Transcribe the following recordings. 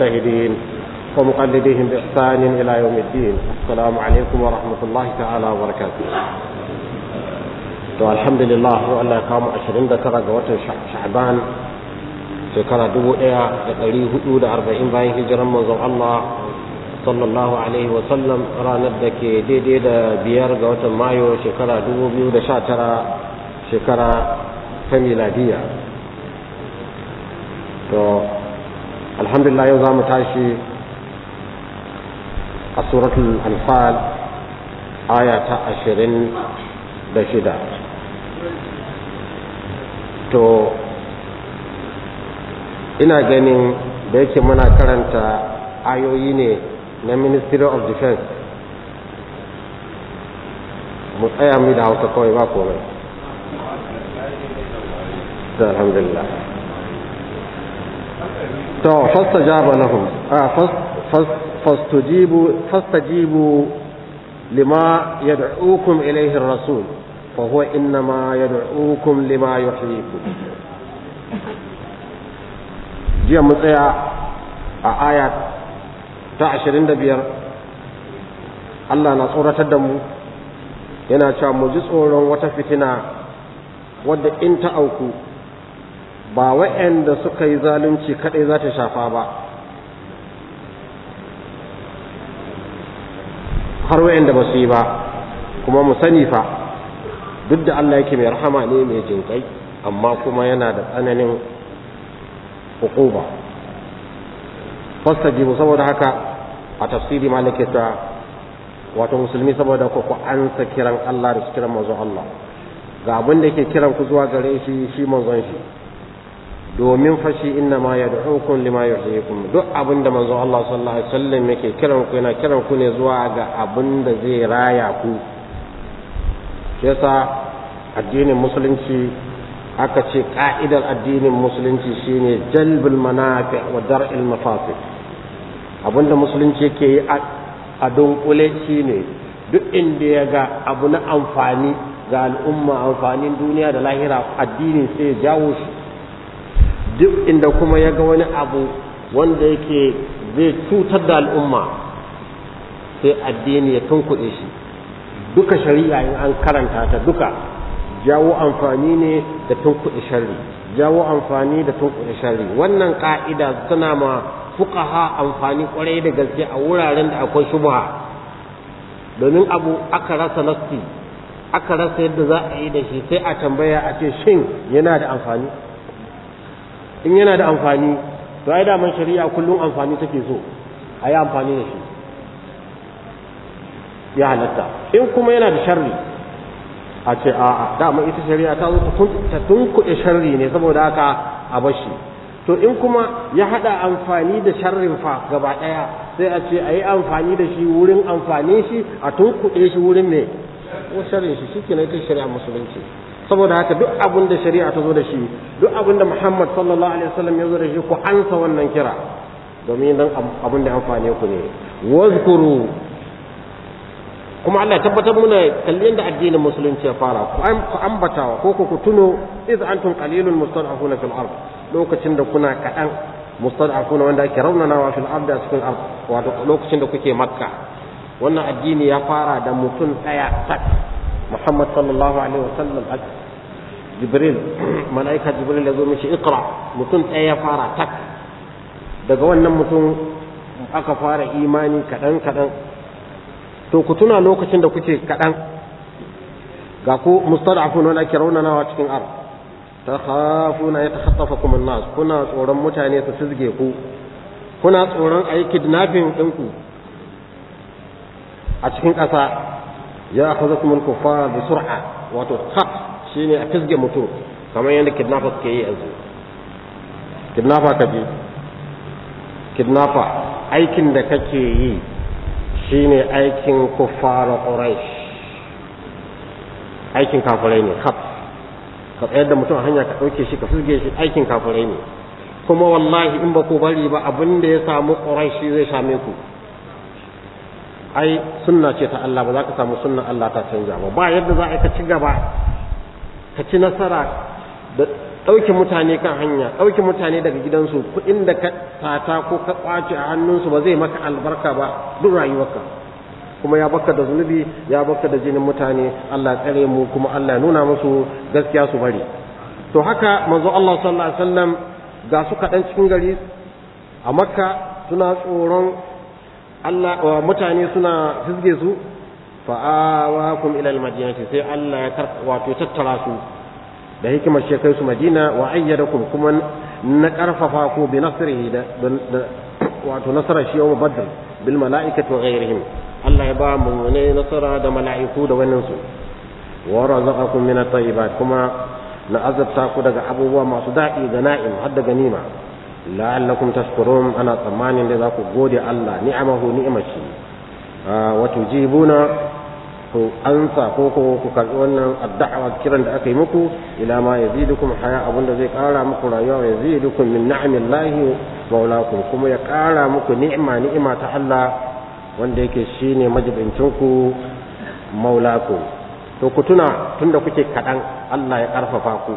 المجتهدين ومقلديهم بإحسان إلى يوم الدين السلام عليكم ورحمة الله تعالى وبركاته to alhamdulillah ko Allah ya kawo da ga watan Sha'ban shekara 1440 bayan hijiran manzon Allah ranar da ke daidai da biyar ga watan Mayu shekara 2019 shekara ta miladiya to alhamdulillah yau za mu tashi a suratul anfal aya ta ashirin da shida to ina ganin da yake muna karanta ayoyi ne na ministry of defense mu tsaya mu da hausa kawai ba komai alhamdulillah to fastajaba lahum a ah, fastajibu fastajibu lima yad'ukum ilayhi ar-rasul fa huwa innama yad'ukum lima yuhyikum jiya mu tsaya a aya ta 25 Allah na tsoratar da mu yana cewa mu ji tsoron wata fitina wadda in ta auku ba wa'anda suka yi zalunci kaɗai za ta shafa ba har wa'anda ba su yi ba kuma mu sani fa duk da Allah yake mai rahama ne mai jinkai amma kuma yana da tsananin hukuba mu saboda haka a tafsiri malike ta wato musulmi saboda ku ku ansa kiran Allah da su kiran manzon Allah ga abin da yake kiran ku zuwa gare shi shi manzon shi domin fashi inna ma yad'ukum lima yuhyikum duk abinda manzo Allah sallallahu alaihi wasallam yake kiran ku yana kiran ku ne zuwa ga abinda zai raya ku yasa addinin musulunci aka ce ka'idar addinin musulunci shine jalbul manafi wa dar'il mafasid abinda musulunci yake yi a dunkule shine duk inda ya ga abu na amfani ga al'umma amfanin duniya da lahira addinin sai ya jawo shi duk inda kuma ya ga wani abu wanda yake zai cutar da al'umma sai addini ya tunkuɗe shi duka shari'a in an karanta ta duka jawo amfani ne da tunkuɗe shari jawo amfani da tunkuɗe shari wannan ka'ida suna ma ha amfani kwarai da gaske a wuraren da akwai shubha domin abu aka rasa nasti aka rasa yadda za a yi da shi sai a tambaya a ce shin yana da amfani in yana da amfani to ai daman shari'a kullum amfani take so a yi amfani da shi ya halatta in kuma yana da sharri a ce a'a dama ita shari'a ta zo ta tunkuɗe sharri ne saboda haka a bar shi to in kuma ya haɗa amfani da sharrin fa gaba ɗaya sai a ce a yi amfani da shi wurin amfani shi a tunkuɗe shi wurin ne ko sharrin shi shi ke ita shari'a musulunci saboda haka duk abin da shari'a ta zo da shi duk abin da muhammad sallallahu alaihi wasallam ya zo da shi ku ansa wannan kira domin dan abin da amfane ku ne wazkuru kuma Allah tabbatar muna kallon da addinin musulunci ya fara ku ambatawa ko ku tuno iz antum qalilun mustad'afuna fil ard lokacin da kuna kadan mustad'afuna wanda ake raunanawa fil ard a cikin ard wato lokacin da kuke makka wannan addini ya fara da mutum daya sak Muhammad sallallahu alaihi wasallam jibril mala'ika jibril ya zo mishi ikra mutum ɗaya ya fara tak daga wannan mutum aka fara imani kaɗan kaɗan to ku tuna lokacin da kuke kaɗan ga ku mustad'afun wanda ake raunanawa cikin ar ya takhatafakum an-nas kuna tsoron mutane su sizge ku kuna tsoron ayi kidnapping ku a cikin ƙasa ya akhadhakum al-kuffar bi sur'a wato khaf Shi ne a fisge mutum kamar yadda kidnappers ke yi yanzu kidnafa ka je kidnafa aikin da kake yi shine aikin kuffara quraish aikin kafirai ne kaf ka tsayar da mutum a hanya ka ɗauke shi ka fisge shi aikin kafirai ne kuma wallahi in ba ku bari ba abin da ya samu quraish zai same ku ai sunna ce ta Allah ba za ka samu sunna Allah ta canja ba ba yadda za a yi ka ci gaba ka ci nasara da ɗauke mutane kan hanya ɗauke mutane daga gidansu kuɗin da ka tata ko ka ƙwace a hannunsu ba zai maka albarka ba duk rayuwarka kuma ya baka da zunubi ya baka da jinin mutane Allah tsare mu kuma Allah nuna musu gaskiya su bari to haka manzo Allah sallallahu alaihi wasallam ga su kaɗan cikin gari a makka suna tsoron Allah mutane suna fisge su fa'awakum ilal almadinati sai Allah ya wato tattara su da hikimar shi kai su Madina wa ayyadakum kuma na karfafa ku bi nasrihi da wato nasara shi yawm badr bil mala'ikati wa ghayrihim Allah ya ba mu ne nasara da mala'iku da wannan su wa razaqakum min at-tayyibat kuma na azabta ku daga abubuwa masu daɗi ga na'im har da ganima la'allakum tashkurun ana tsammanin da za ku gode Allah ni'amahu ni'imaci ah, wa tujibuna ko ansa ko ko ku karbi wannan addu'a kiran da aka yi muku ila ma yazidukum haya da zai kara muku rayuwa wa yazidukum min ni'amillahi maulakum kuma ya kara muku ni'ima ni'ima ta Allah wanda yake shine majibincin ku maulakum to ku tuna tunda kuke kadan Allah ya karfafa ku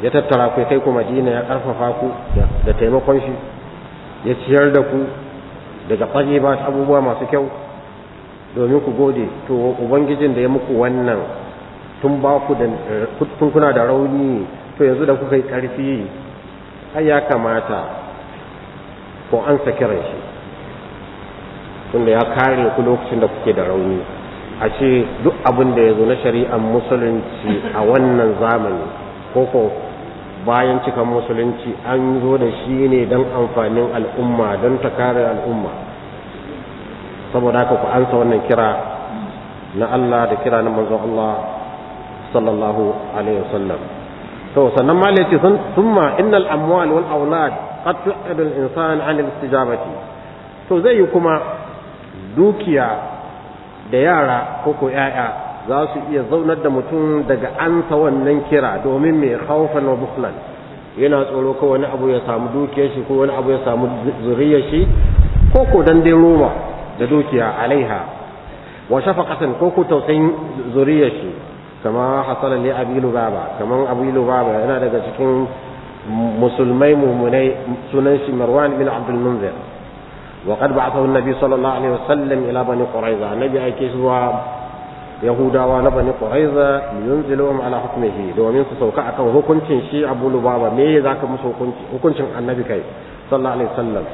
ya tattara ku kai ku Madina ya karfafa ku da taimakon shi ya ciyar da ku daga fage ba abubuwa masu kyau domin ku gode to ubangijin da ya muku wannan tun ba ku da tun kuna da rauni to yanzu da kuka yi ƙarfi ai ya kamata ko an ran shi tunda ya kare ku lokacin da kuke da rauni a ce duk abin da ya zo na shari'ar musulunci a wannan zamani ko ko bayan cikan musulunci an zo da shi ne don amfanin al'umma don ta kare al'umma saboda haka ku ansa wannan kira na Allah da kira na manzon Allah sallallahu alaihi wasallam to sannan ma sun summa, innal amwal wal aulad qad tu'adu insan an istijabati to zai yi kuma dukiya da yara ko ko yaya za su iya zaunar da mutum daga ansa wannan kira domin mai khawfan wa bukhlan yana tsoro ko wani abu ya samu dukiyar shi ko wani abu ya samu zuriyar shi ko ko dan dai roma da dukiya alaiha wa shafaqatan ko ku tausayin zuriyar shi kama hasala li abi lubaba kaman abi lubaba yana daga cikin musulmai mumunai sunan shi marwan bin abdul munzir wa qad ba'athahu an-nabi sallallahu alaihi wasallam ila bani quraiza nabi ake zuwa yahudawa na bani quraiza yunziluhum ala hukmihi domin su sauka akan hukuncin shi abu lubaba me zaka musu hukunci hukuncin annabi kai sallallahu alaihi wasallam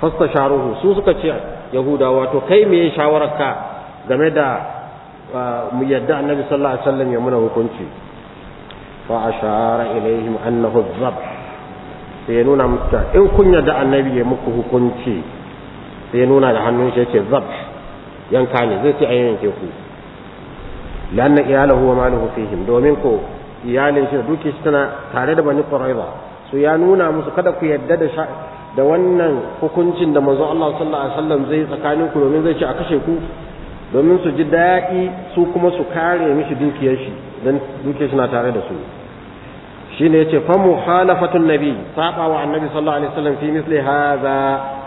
fastasharuhu su suka ce yahudawa to kai me shawararka game da uh, mu yadda annabi sallallahu alaihi wasallam ya muna hukunci fa ashara ilaihim annahu dhab sai ya nuna musu in kun yadda annabi ya muku hukunci sai ya nuna da hannun shi yake zab yanka ne zai ce a ke ku lanna iyalahu wa maluhu fihim domin ko iyalin shi duke shi tana tare da bani qurayza su ya nuna musu kada ku yadda da da wannan hukuncin da manzo Allah sallallahu alaihi wasallam zai tsakanin ku domin zai ce a kashe ku domin su ji daɗi su kuma su kare mishi dukiyar shi dan dukiyar shi na tare da su shine yace fa muhalafatun nabi saba wa annabi sallallahu alaihi wasallam fi misli hadha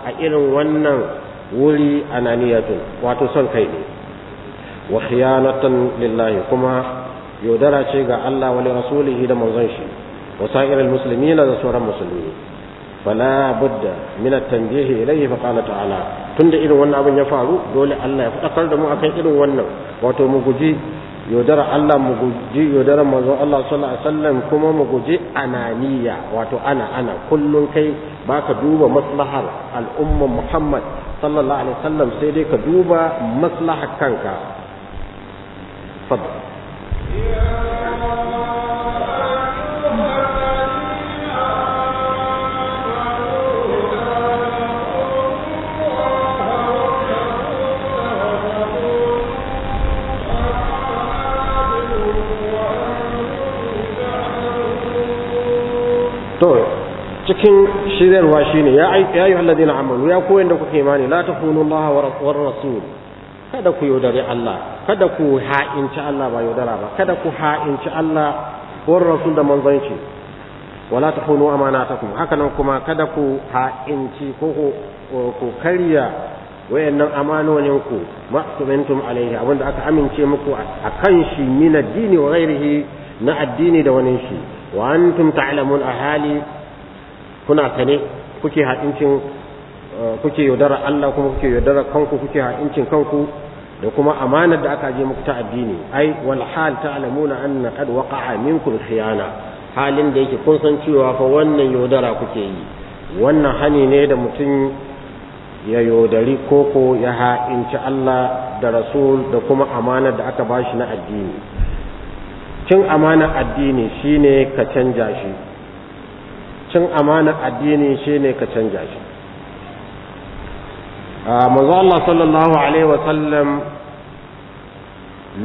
a irin wannan wuri ananiyatun wato son kai ne wa khiyanatan lillahi kuma yaudara ce ga Allah wa rasulihi da manzon shi wa musulmi muslimina da sauran musulmi fala budda min at-tanbih ilayhi fa qala ta'ala tunda irin wannan abin ya faru dole Allah ya fadakar da mu akan irin wannan wato mu guji yaudara Allah mu guji yaudara manzo Allah sallallahu alaihi wasallam kuma mu ananiya wato ana ana kullun kai baka duba maslahar al'umma Muhammad sallallahu alaihi wasallam sai dai ka duba maslaha kanka fadl cikin shiryarwa shine ya ayyuha alladhina amalu ya koyan da kuke imani la takunu Allah wa rasul kada ku yaudari Allah kada ku ha'inci Allah ba yaudara ba kada ku ha'inci Allah wa rasul da manzanci wala ta amanatakum haka nan kuma kada ku ha'inci ko ku karya wayannan amanonin ku ma'tumintum alaihi abinda aka amince muku akan shi min addini wa ghairihi na addini da wani shi wa antum ta'lamun ahali kuna sane kuke haɗincin eh, kuke yaudara Allah kuma kuke yaudara kanku kuke haɗincin kanku da kuma amanar da aka je muku ta addini ai wal hal ta'lamuna anna qad waqa'a minkum khiyana halin da yake kun san cewa fa wannan yaudara kuke yi wannan hani ne da mutum ya yaudari koko ya ha'inci Allah da rasul da kuma amanar da aka bashi na addini cin amanar addini shine ka canja shi cin amana addini shi ne ka canja shi manzo Allah sallallahu alaihi wa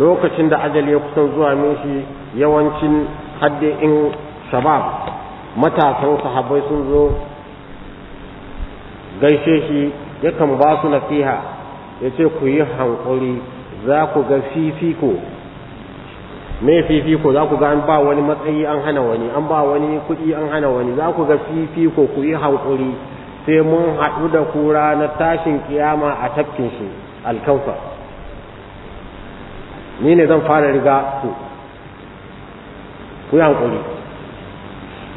lokacin da ajali ya kusan zuwa mishi yawancin hadde in shabab matasan sahabai sun zo gaishe shi yakan ba su nasiha ce ku yi hankuri za ku ga fifiko me fifiko za ku ga an ba wani matsayi an hana wani an ba wani kuɗi an hana wani za ku ga fifiko ku yi hankuri sai mun haɗu da kura na tashin kiyama a tafkin shi alkausa ni ne zan fara riga ku ku yi hankuri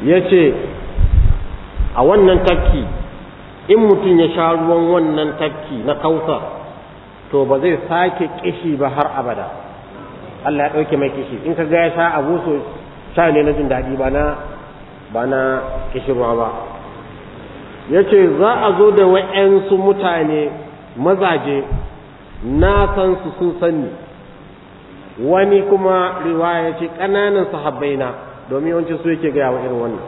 ya ce a wannan tafki in mutum ya sha ruwan wannan tafki na kausa to ba zai sake ƙishi ba har abada Allah ya ɗauke mai kishi in ka ga ya sha abu so sha ne na jin daɗi ba na ba na kishirwa ba ya ce za a zo da wa'yansu mutane mazaje na san su sun sani, wani kuma riwaya ce ƙananan sahabbai na domin yawancin su yake gaya wa irin wannan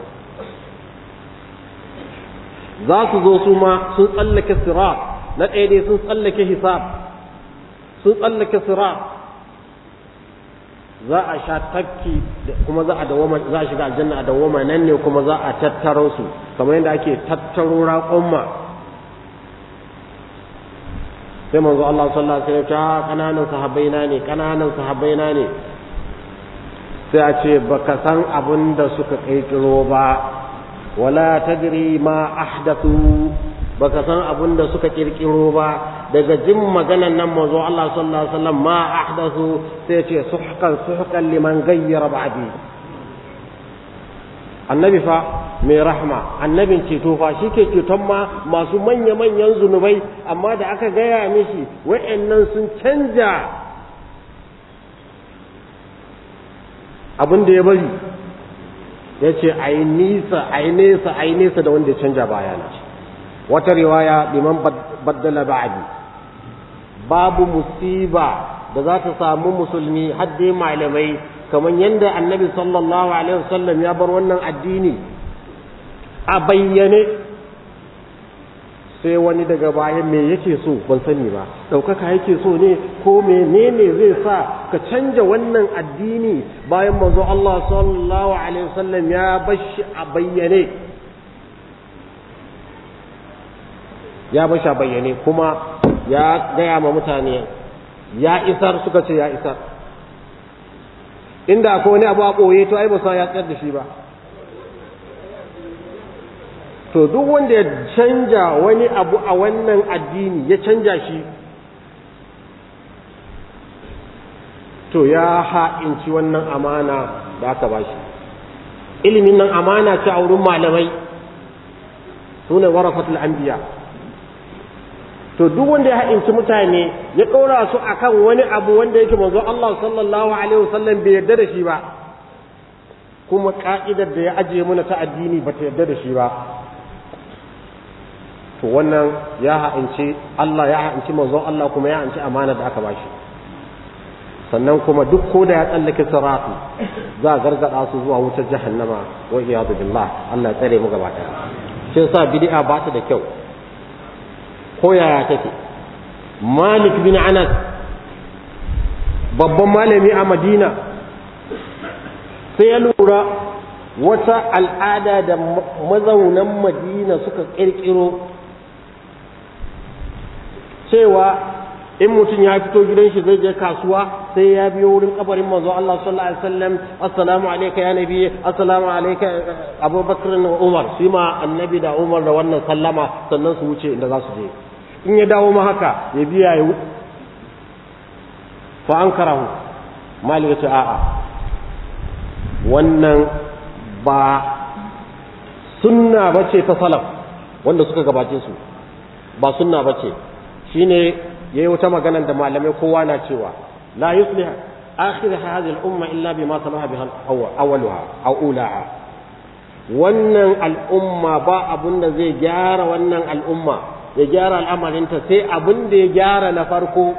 za su zo su ma sun tsallake sira na ɗaya dai sun tsallake hisab sun tsallake sira za a sha tafki kuma za a dawoma za a shiga aljanna a dawoma nan ne kuma za a tattaro su kamar yadda ake tattaro raƙon sai manzo Allah sallallahu alaihi wasallam ta kananan ah, sahabbaina ne kananan sahabbaina ne sai a ce baka san abin da suka kirkiro ba wala tadri ma ahdathu baka san abin da suka ƙirƙiro ba daga jin maganan nan manzo Allah sallallahu alaihi wasallam ma ahdathu sai ce suhqan suhqan liman ghayyara ba'di annabi fa mai rahma annabin ceto fa shike ceton ma masu manya manyan zunubai amma da aka gaya mishi wayannan sun canja abin da ya bari yace ce a yi nisa a yi nesa a nesa da wanda ya canja bayana wata riwaya liman baddala ba'di babu musiba da za ta samu musulmi haddai malamai kamar yadda annabi sallallahu alaihi wasallam ya bar wannan addini a bayyane sai wani daga baya me yake so ban sani ba ɗaukaka yake so ne ko menene zai sa ka canja wannan addini bayan manzo Allah sallallahu alaihi wasallam ya bashi a bayyane ya basha bayyane kuma ya gaya ma mutane ya isar suka ce ya isar inda akwai wani abu a ɓoye to ai ba sa ya tsayar da shi ba to duk wanda ya canja wani abu a wannan addini ya canja shi to ya ha'inci wannan amana da aka ba shi ilimin nan amana ce a wurin malamai sunan warafatul anbiya to duk wanda ya haɗinci mutane ya ɗora su a kan wani abu wanda yake manzo Allah sallallahu alaihi wasallam bai yarda da shi ba kuma ƙa'idar da ya ajiye muna ta addini ba ta yarda da shi ba to wannan ya haɗinci Allah ya haɗinci manzo Allah kuma ya haɗinci amana da aka bashi sannan kuma duk ko da ya tsallake sirati za a gargada su zuwa wutar jahannama wa iyadu billah Allah ya tsare mu gaba ɗaya shi yasa bid'a ba ta da kyau ko take malik bin anas babban malami a madina sai ya lura wata al'ada da mazaunan madina suka ƙirƙiro cewa in mutum ya fito gidan shi zai je kasuwa sai ya biyo wurin kabarin manzo Allah sallallahu alaihi wasallam assalamu alayka ya nabi assalamu alayka Abu Bakr da Umar shi ma annabi da Umar da wannan sallama sannan su wuce inda za su je in ya dawo ma haka ya biya ya fa ankarahu malik ya ce a'a wannan ba sunna bace ta salaf wanda suka gabace su ba sunna bace shine yayi wata magana da malamai kowa na cewa la yuslih akhir hadhihi al-umma illa bima salaha biha awwaluha aw ulaha wannan al'umma ba abun da zai gyara wannan al'umma ya gyara al'amarinta sai abun da ya gyara na farko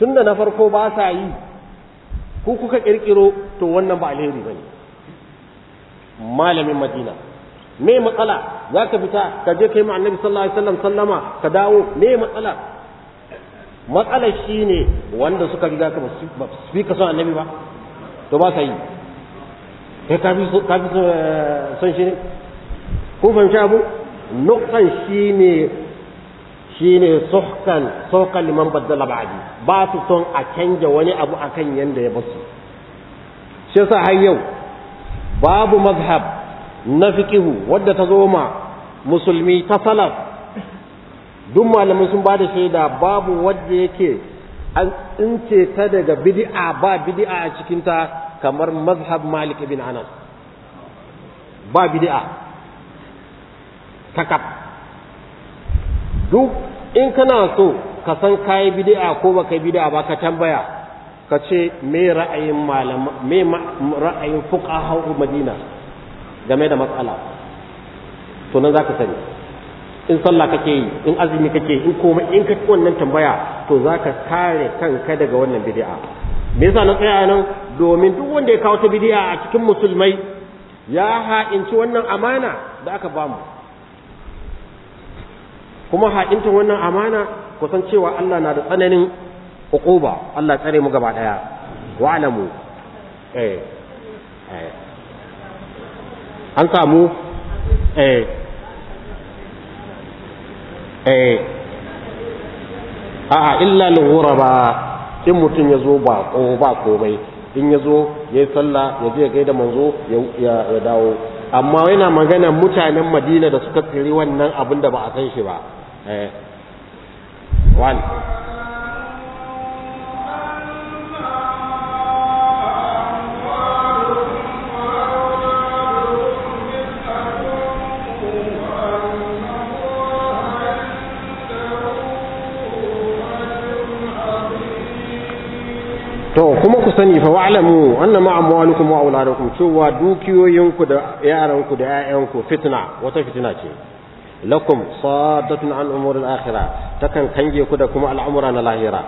tunda na farko ba sa yi ku kuka kirkiro to wannan ba alheri bane malamin madina me matsala za ka fita ka je kai ma annabi sallallahu alaihi sallama ka dawo me matsala matsalar shi ne wanda suka riga ka ba su fi ka son annabi ba to ba ka yi kai ka fi eh, son shi ne ko fahimci abu nukan shi ne shi ne sohkan sohkan liman baddala ba'adi ba su son a canja wani abu akan yanda ya basu shi yasa har yau babu mazhab na fiƙihu wadda ta zo ma musulmi ta salaf duk malamai sun ba da shaida babu wadda yake an tsince ta daga bid'a ba bid'a a cikinta kamar mazhab malik ibn anas ba bid'a takab duk in kana so ka san kayi bidi'a ko baka yi bid'a ba ka tambaya ka ce me ra'ayin malama me ra'ayin fuqaha madina game da matsala to nan zaka sani in sallah kake yi in azumi kake in komai in ka wannan tambaya to za ka kare kanka daga wannan bid'a me yasa na tsaya nan domin duk wanda ya kawo ta bidi'a a cikin musulmai ya ha'inci wannan amana da aka bamu kuma ha'inta wannan amana kusan cewa Allah na da tsananin uquba Allah tsare mu gaba daya alamu eh eh an samu eh eh a'a illa al-ghuraba in mutum ya zo ba ko ba komai in ya zo ya yi sallah ya je ya gaida manzo ya dawo amma yana magana mutanen madina da suka tsiri wannan abin da ba a san shi ba eh. to kuma ku sani fa wa'lamu anna ma amwalukum wa auladukum cewa dukiyoyinku da yaranku da ƴaƴanku fitna wata fitina ce lakum saddatun an umuril akhirah takan kange ku da kuma al'amura na lahira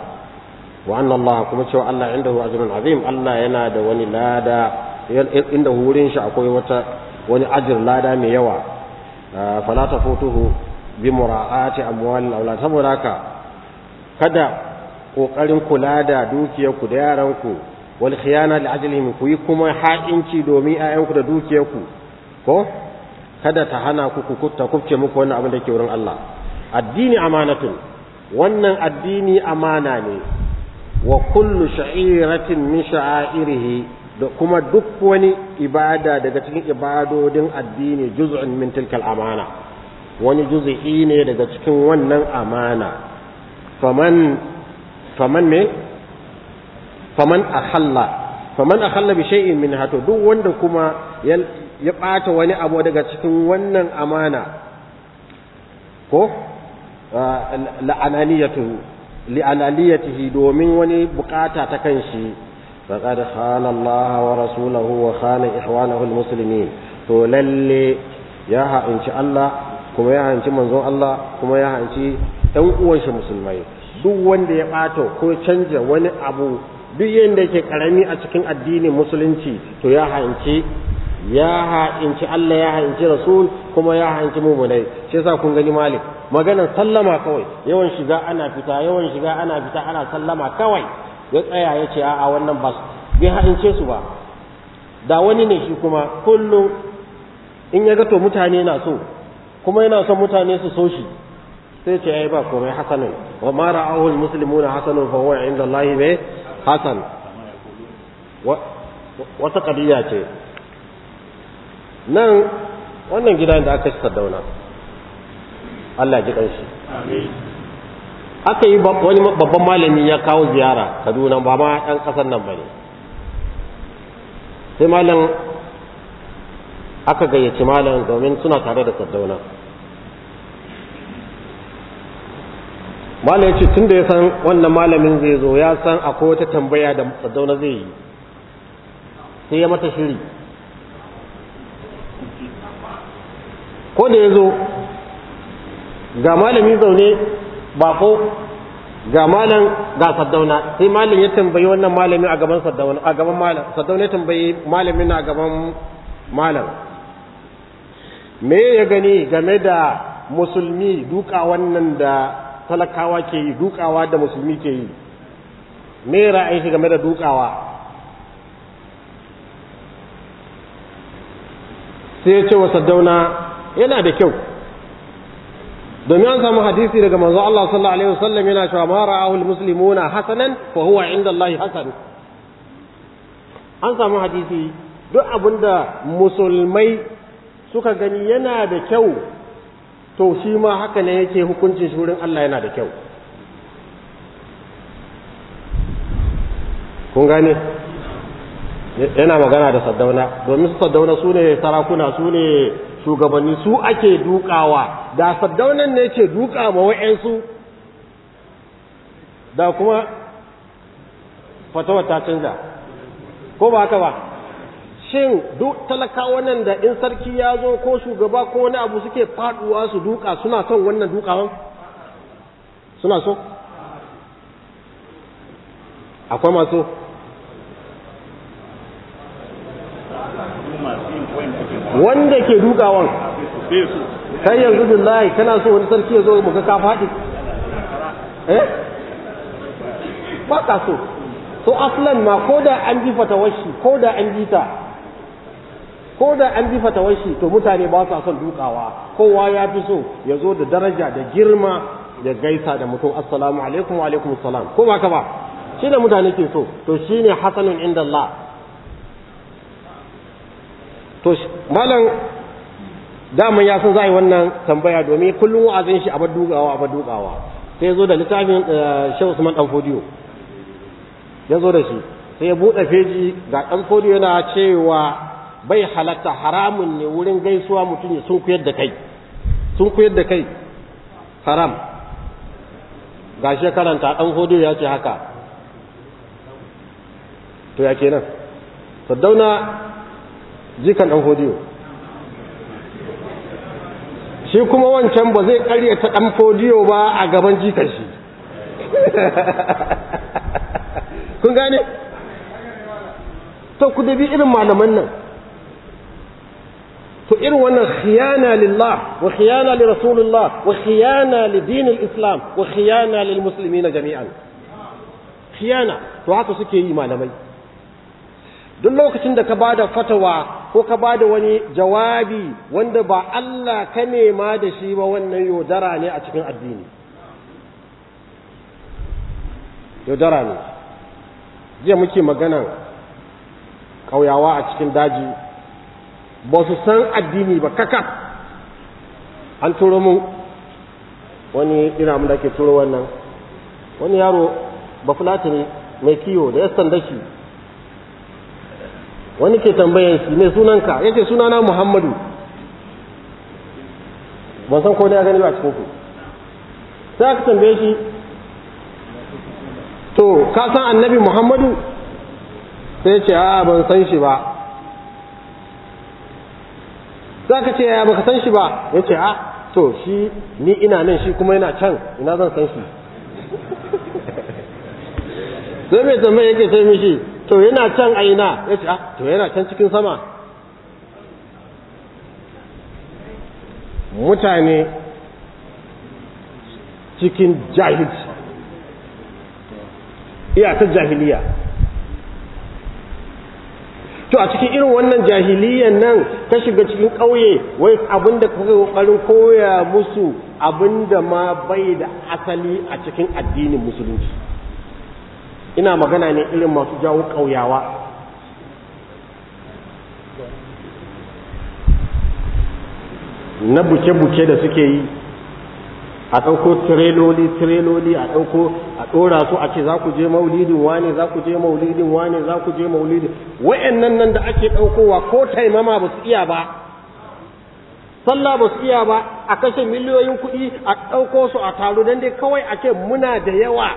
wa anna Allah kuma cewa Allah indahu ajrun azim Allah yana da wani lada inda wurin shi akwai wata wani ajr lada mai yawa ah, fala tafutuhu bi mura'ati amwal aulad saboda haka kada kokarin kula da dukiyarku da yaranku wal khiyana li ajlihim ku yi kuma ha'inci domin ƴaƴanku da dukiyarku ko kada ta hana ku ku kutta kufce muku wannan abin da ke wurin Allah addini amanatun wannan addini amana ne wa kullu sha'iratin min sha'irihi da kuma duk wani ibada daga cikin ibadodin addini juz'un min tilkal amana wani juz'i ne daga cikin wannan amana faman faman me faman ahalla faman ahalla bi shay'in min hato duk wanda kuma ya bata wani abu daga cikin wannan amana ko ah, la'ananiyatu domin wani bukata ta kan shi faqad khana Allah wa rasulahu wa khana ihwanahu almuslimin to lalle ya ha'inci Allah kuma ya ha'inci manzon Allah kuma ya ha'inci ɗan uwanshi musulmai duk wanda ya ɓata ko canja wani abu duk yadda yake karami a cikin addinin musulunci to ya hanci ya ha'inci Allah ya ha'inci Rasul kuma ya ha'inci mumunai shi yasa kun gani Malik maganar sallama kawai yawan shiga ana fita yawan shiga ana fita ana sallama kawai ya tsaya ya ce a'a wannan ba bai ha'ince su ba da wani ne shi kuma kullum in ya ga to mutane na so kuma yana son mutane su so shi sai ce ai ba komai hasanun wa ma ra'ahu almuslimuna hasanun fa huwa inda Allah bi hasan wata kadiya ce nan wannan gidan da aka shi sadauna Allah ji kanshi aka yi wani babban malami ya kawo ziyara Kaduna ba ma ɗan ƙasar nan ba ne sai malam aka gayyaci malam domin suna tare da sadauna malam ya ce tun da ya san wannan malamin zai zo ya san akwai wata tambaya da saddauna zai yi sai ya mata shiri ko da ya zo ga malami zaune bako ga malam ga saddauna sai malam ya tambayi wannan malami a gaban saddauna a gaban malam saddauna ya tambayi malamin na gaban malam me ya gani game da musulmi duka wannan da talakawa ke yi dukawa da musulmi ke yi me ra'ayi shi game da dukawa sai ya ce wa saddauna yana da kyau domin an samu hadisi daga manzo Allah sallallahu alaihi wasallam yana cewa ma ra'ahu muslimuna hasanan fa huwa inda Allah hasan an samu hadisi duk abinda musulmai suka gani yana da kyau to shi ma haka ne yake hukuncin shurin Allah yana da kyau kun gane yana magana da saddauna domin su saddauna su ne sarakuna su ne shugabanni su ake dukawa da saddaunan ne ke duka ma wa'yansu da kuma fatawar ta canza ko ba haka ba shin duk talakawa nan da in sarki ya zo ko shugaba ko wani abu suke faduwa su duka suna son wannan dukawan suna so akwai masu wanda ke dukawan kai yanzu billahi kana so wani sarki ya zo ga ka faɗi eh ba ka so so aslan ma ko da an ji fatawashi ko da an ji ta ko da an bi fatawar shi to mutane ba sa son dukawa kowa ya fi so ya zo da daraja da girma ya gaisa da mutum assalamu alaikum wa alaikum salam ko ba ka ba shi da mutane ke so to shi ne hasanun inda Allah to malam daman ya san za yi wannan tambaya domin kullum wa'azin shi a dukawa a dukawa sai zo da littafin eh, shehu usman dan fodiyo ya zo da shi sai ya buɗe feji ga dan fodiyo yana cewa bai halatta haramun ne wurin gaisuwa mutum ya sunkuyar da kai sunkuyar da kai haram ga shi karanta dan hodo ya ce haka to ya kenan saddauna jikan dan hodo shi kuma wancan ba zai karyata dan hodo ba a gaban jikan shi kun gane to ku dabi irin malaman nan to irin wannan khiyana lillah wa khiyana li rasulillah wa khiyana li dinil islam wa khiyana lil muslimin jami'an khiyana to haka suke yi malamai duk lokacin da ka bada fatawa ko ka bada wani jawabi wanda ba Allah ka nema da shi ba wannan yaudara ne a cikin addini yaudara ne jiya muke maganan ƙauyawa a cikin daji ba su san addini ba kaka an turo mu wani ina mun da ke turo wannan wani yaro ba ne mai kiwo da yasan dashi wani ke tambayan shi mai sunanka ya ce sunana muhammadu ban san ko ne ya gani ba cikin ku sai aka tambaye shi to ka san annabi muhammadu sai ce a ban san shi ba za ka ce ya baka san shi ba ya ce a ah, to shi ni ina nan shi kuma yana can ina zan san shi sai mai tambayi yake ce mishi to yana can a ina ya ce a ah, to yana can cikin sama mutane cikin jahilci iya ta jahiliya to a cikin irin wannan jahiliyan nan ta shiga cikin ƙauye wai abinda kuka ƙoƙarin koya musu abinda ma bai da asali a cikin addinin musulunci ina magana ne irin masu jawo ƙauyawa na buke-buke da suke yi a ɗauko tireloli tireloli a ɗauko a ɗora su a ce za ku je maulidin wane za ku je maulidin wane za ku je maulidin wa'annan nan da ake ɗaukowa ko taimama ba su iya ba sallah ba su iya ba a kashe miliyoyin kuɗi a ɗauko su a taro don dai kawai a ce muna da yawa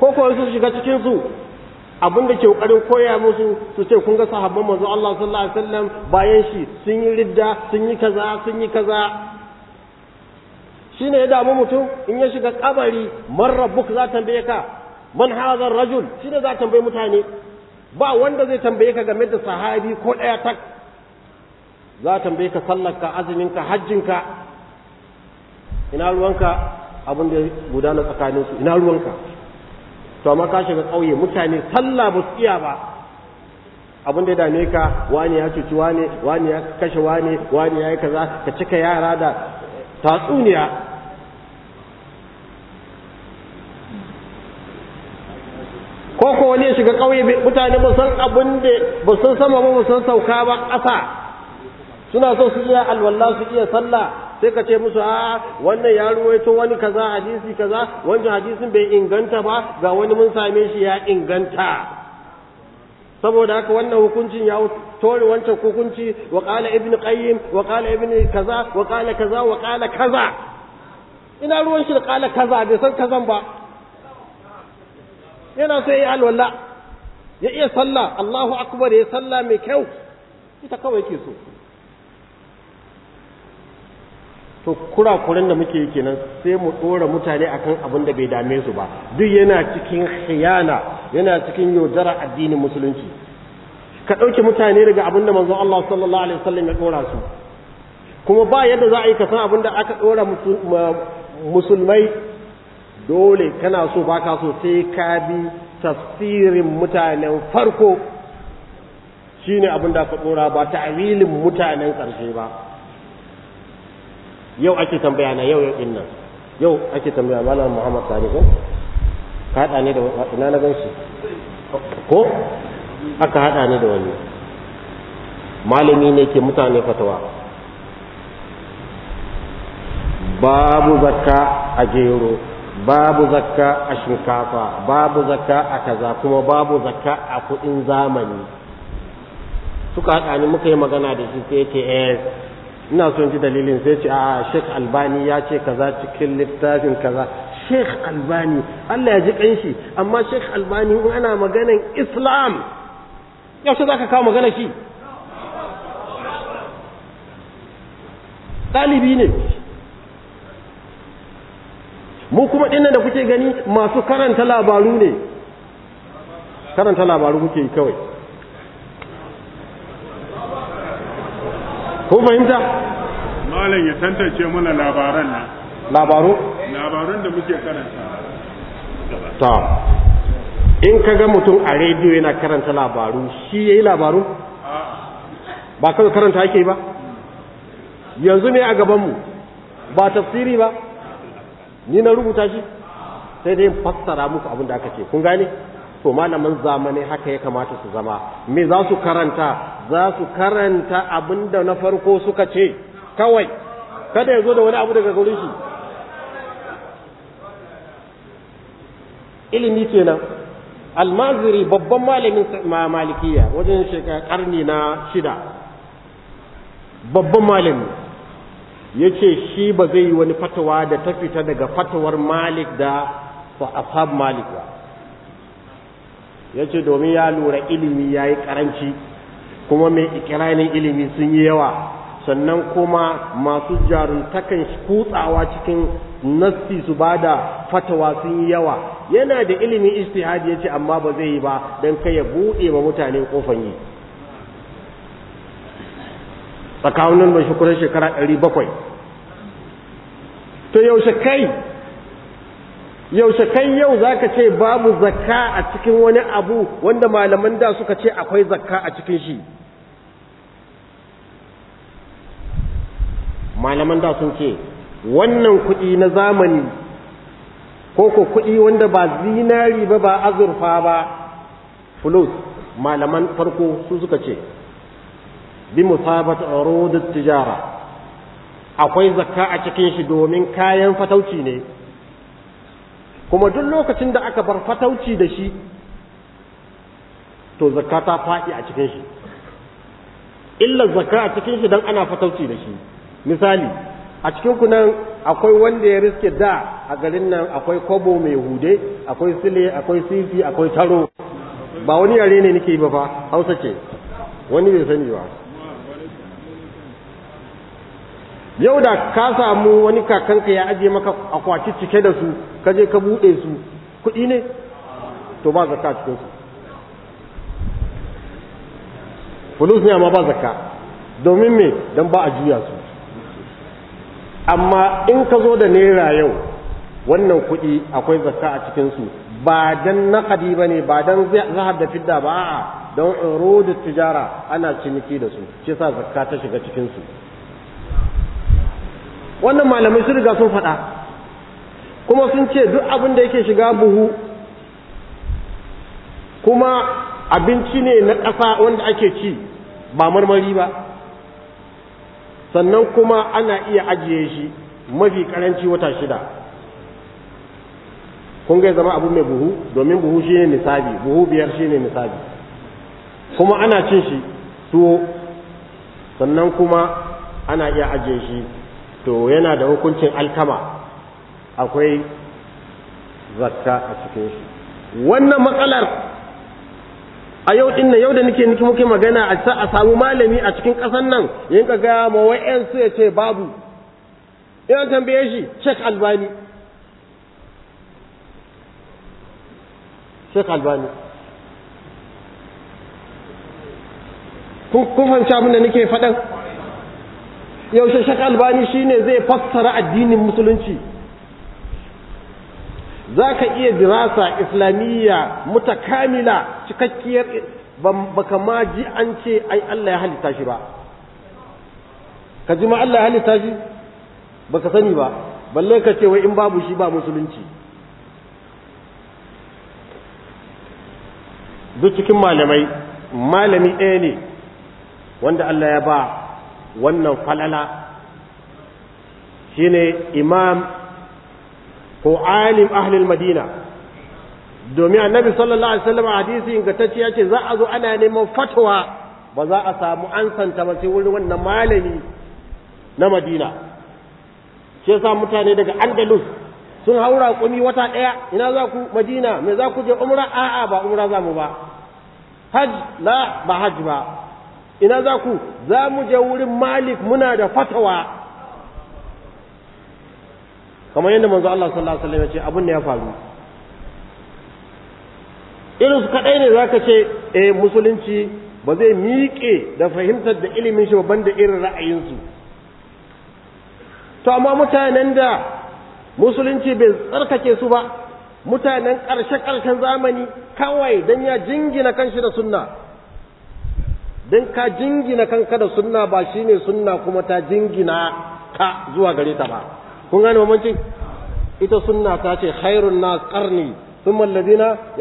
ko kuwa su shiga cikin su abin da ke kokarin koya musu su ce kun ga sahabban manzo Allah sallallahu alaihi wasallam bayan shi sun yi ridda sun yi kaza sun yi kaza shine ya damu mutum in ya shiga kabari man rabbuk za tambaye ka man hadha rajul shine za tambaye mutane ba wanda zai tambaye ka game da sahabi ko daya tak za tambaye ka sallarka azuminka hajjinka ina ruwanka abin da gudana tsakaninsu ina ruwanka to amma ka shiga ƙauye mutane sallah ba su iya ba abin da dame ka wani ya cuci wani wani ya kashe wani wani ya yi kaza ka cika yara da tatsuniya ko ko wani ya shiga ƙauye mutane ba san abin da ba san sama ba ba san sauka ba ƙasa suna so su iya alwallah su iya sallah sai ka ce musu a wannan ya ruwaito wani kaza hadisi kaza wancan hadisin bai inganta ba ga wani mun same shi ya inganta saboda haka wannan hukuncin ya tori wancan hukunci wa qala ibnu qayyim wa qala ibnu kaza wa qala kaza wa qala kaza ina ruwan shi da qala kaza bai san kazan ba yana so yi alwala ya iya sallah Allahu akbar ya sallah mai kyau ita kawai ke so to kura-kuran da muke yi kenan sai mu dora mutane akan abin da bai dame su ba duk yana cikin khiyana yana cikin yaudara addinin musulunci ka ɗauke mutane daga abin da manzon Allah sallallahu alaihi wasallam ya dora su kuma ba yadda za a yi ka abin da aka dora musulmai dole kana so baka so sai ka bi tafsirin mutanen farko shine abin da aka dora ba ta'wilin mutanen ƙarshe ba yau ake tambaya na yau yau nan yau ake tambaya malam muhammad Sadiq ka haɗa ne da ina na ganshi ko aka haɗa ne da wani malami ne ke mutane fatawa babu zakka a gero babu zakka a shinkafa babu zakka a kaza kuma babu zakka a kuɗin zamani suka haɗa ni muka yi magana da shi sai ya ce eh ina son ji dalilin sai ce a Sheikh Albani ya ce kaza cikin littafin kaza Sheikh Albani Allah ya ji kanshi amma Sheikh Albani in ana maganan Islam yaushe ka kawo magana shi ɗalibi ne mu kuma ɗin da kuke gani masu karanta labaru ne karanta labaru kuke yi kawai ko fahimta malam ya tantance mana labaran nan labaru labarun da muke karanta ta in ka ga mutum a rediyo yana karanta labaru shi ya yi labaru ba kada karanta ake ba yanzu ne a gabanmu ba tafsiri ba ni na rubuta shi sai dai fassara muku abin aka ce kun gane to malaman zamani haka ya kamata su zama me za su karanta za su karanta abinda na farko suka ce kawai kada ya zo da wani abu daga gurin shi ilimi kenan almaziri babban malamin malikiya wajen shekara karni na shida babban malami ya ce shi ba zai yi wani fatawa da ta fita daga fatawar malik da ashab malik ba ya ce domin ya lura ilimi ya yi ƙaranci kuma mai ikirarin ilimi sun yi yawa sannan kuma masu jaruntakan kutsawa cikin nassi su ba da fatawa sun yi yawa yana da ilimi istihadi ya ce amma ba zai yi ba don kai ya buɗe ma mutane ƙofan yi tsakanin mai shukurar shekara ɗari bakwai to yaushe kai yaushe kai yau zaka ce babu zakka a cikin wani abu wanda malaman da suka ce akwai zakka a cikin shi malaman da sun ce wannan kuɗi na zamani ko ko kuɗi wanda ba zinari ba ba azurfa ba fulus malaman farko su suka ce bi musabat urud tijara akwai zakka a cikin shi domin kayan fatauci ne kuma duk lokacin da aka bar fatauci da shi to zakka ta faɗi a cikin shi illa zakka a cikin shi dan ana fatauci da shi misali a cikin ku nan akwai wanda ya riske da a garin nan akwai kobo mai hude akwai sile akwai sisi akwai taro ba wani yare ne nake yi ba fa hausa ce wani bai sani ba yau da ka samu wani kakanka ya ajiye maka akwati cike da su ka je ka buɗe su kuɗi ne to ba zakka cikin su fulus ne amma ba zakka domin me dan ba a juya su amma in ka zo da naira yau wannan kuɗi akwai zakka a cikin su ba dan naqadi bane ba dan zahar da fidda ba a'a don urudu tijara ana ciniki da su shi sa zakka ta shiga cikin su wannan malamai sun riga sun faɗa kuma sun ce duk abin da yake shiga buhu kuma abinci ne na ƙasa wanda ake ci ba marmari ba sannan kuma ana iya ajiye shi mafi karanci wata shida kun ga zama abu mai buhu domin buhu shi ne nisabi buhu biyar shi ne nisabi kuma ana cin shi tuwo sannan kuma ana iya ajiye shi to yana da hukuncin alkama akwai zakka a cikin shi wannan matsalar a yau din yau da nake niki muke magana a sa a samu malami a cikin ƙasar nan yin ka gaya ma wa'yansu ya ce babu ina tambaye shi Sheikh Albani Sheikh Albani kun fahimci abin da nake faɗan yaushe Sheikh Albani shine zai fassara addinin musulunci za ka iya dirasa islamiyya mutakamila cikakkiyar baka ma ji an ce ai Allah ya halitta shi ba ka ji ma Allah ya halitta shi baka sani ba balle ka ce wai in babu shi ba musulunci duk cikin malamai malami ɗaya ne wanda Allah ya ba wannan falala shine imam ko alim ahlil madina domin annabi sallallahu alaihi wasallam hadisi ingantacce ya ce za a zo ana neman fatwa ba za a samu ansanta ba sai wurin wannan malami na madina shi yasa mutane daga andalus sun haura kumi wata ɗaya ina za ku madina me za ku je umra a'a ba umra za mu ba hajj la ba hajj ba ina za ku za mu je wurin malik muna da fatawa kamar yadda manzo Allah sallallahu alaihi wasallam ya ce abin da ya faru irin su kadai ne zaka ce eh musulunci ba zai miƙe da fahimtar da ilimin shi ba da irin ra'ayinsu to amma mutanen da musulunci bai tsarkake su ba mutanen ƙarshe-ƙarshen zamani kawai dan ya jingina kanshi da sunna don ka jingina kanka da sunna ba shine sunna kuma ta jingina ka zuwa gare ta ba kun gane mamanci ita sunna ta ce khairun ya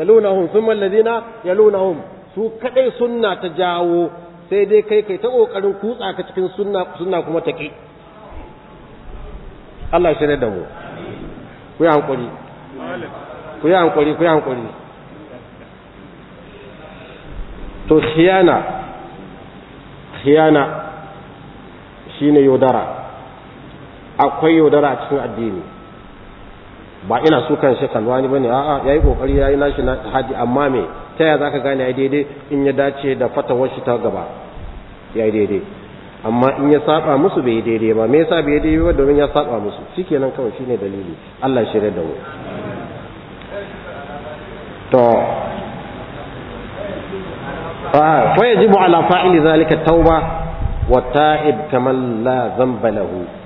luna thumma sun yalunahum ya luna hun su kadai sunna ta jawo sai dai kai kai ta kokarin kutsa ka cikin sunna kuma ta ƙi. Allah shi da mu ku yi hankuri ku yi hankuri ku yi hankuri to khiyana khiyana shine yaudara akwai yaudara a cikin addini ba ina su kan shi kalwani bane a'a yayi kokari yayi nashi na hadi amma me ta ya zaka gane ai daidai in ya dace da fatawar shi ta gaba yayi daidai amma in ya saba musu bai daidai ba me yasa bai daidai ba domin ya saba musu shikenan kawai shine dalili Allah shirye da mu to fa yajibu ala fa'ili zalika tauba wa ta'ib kaman la zambalahu lahu